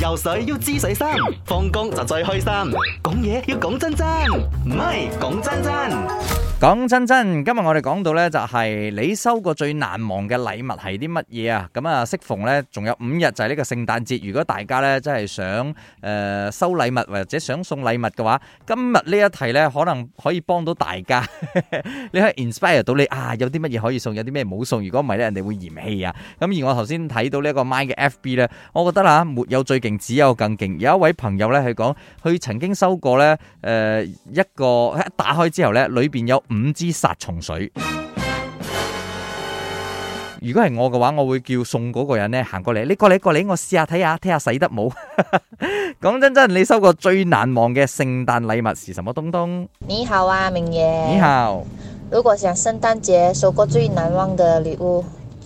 游水，要知水深，放工就最開心。講嘢要講真真，唔係講真真講真真。今日我哋講到呢就係你收過最難忘嘅禮物係啲乜嘢啊？咁啊，適逢呢仲有五日就係呢個聖誕節，如果大家呢真係想誒、呃、收禮物或者想送禮物嘅話，今日呢一題呢可能可以幫到大家， 你可以 inspire 到你啊，有啲乜嘢可以送，有啲咩冇送？如果唔係呢，人哋會嫌棄啊。咁而我頭先睇到呢個 my 嘅 FB 呢，我覺得啊，沒有最勁。只有更勁！有一位朋友咧，佢講佢曾經收過咧，誒一個，一打開之後咧，裏邊有五支殺蟲水。如果係我嘅話，我會叫送嗰個人咧行過嚟，你過嚟過嚟，我試下睇下睇下使得冇？講真真，你收過最難忘嘅聖誕禮物是什麼東東？你好啊，明爺。你好。如果想聖誕節收過最難忘嘅禮物？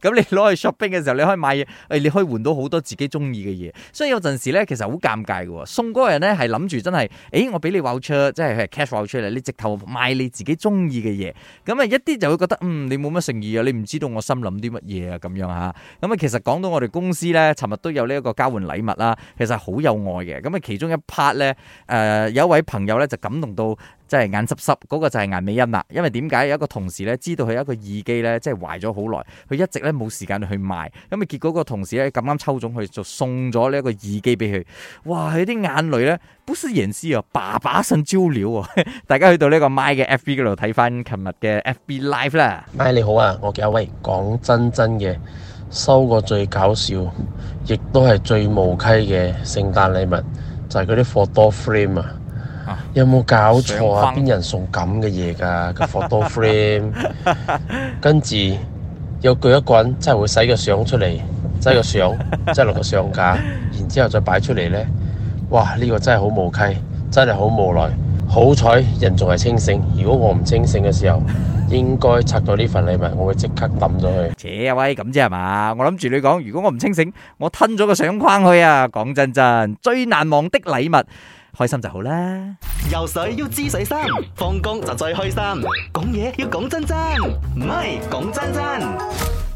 咁 你攞去 shopping 嘅時候，你可以買嘢，誒，你可以換到好多自己中意嘅嘢。所以有陣時咧，其實好尷尬嘅。送嗰個人咧係諗住真係，誒，我俾你 voucher，即係 cash voucher 出嚟，你直頭買你自己中意嘅嘢。咁啊，一啲就會覺得，嗯，你冇乜誠意啊，你唔知道我心諗啲乜嘢啊，咁樣吓。咁啊，其實講到我哋公司咧，尋日都有呢一個交換禮物啦，其實好有愛嘅。咁啊，其中一 part 咧，誒，有一位朋友咧就感動到即係眼濕濕，嗰、嗰個就係顏美欣啦。因為點解有一個同事咧知道佢有一個耳機咧，即係壞咗好耐。佢一直咧冇時間去賣，咁啊，結果個同事咧咁啱抽中佢，就送咗呢一個耳機俾佢，哇！佢啲眼淚咧不思言思啊，爸爸神招料啊！ 大家去到呢個 My 嘅 FB 嗰度睇翻琴日嘅 FB Live 啦。My 你好啊，我叫阿威，講真真嘅收過最搞笑，亦都係最無稽嘅聖誕禮物，就係嗰啲 photo frame 啊！有冇搞錯啊？邊人送咁嘅嘢噶？個 photo frame， 跟住。有句一個人真係會洗個相出嚟，即係個相，即係落個相架，然之後再擺出嚟呢。哇！呢個真係好無稽，真係好無奈。好彩人仲係清醒，如果我唔清醒嘅時候，應該拆到呢份禮物，我會即刻抌咗佢。扯啊喂，咁啫係嘛，我諗住你講，如果我唔清醒，我吞咗個相框去啊！講真真，最難忘的禮物。開心就好啦！游水要知水深，放工就最開心。講嘢要講真真，唔係講真真。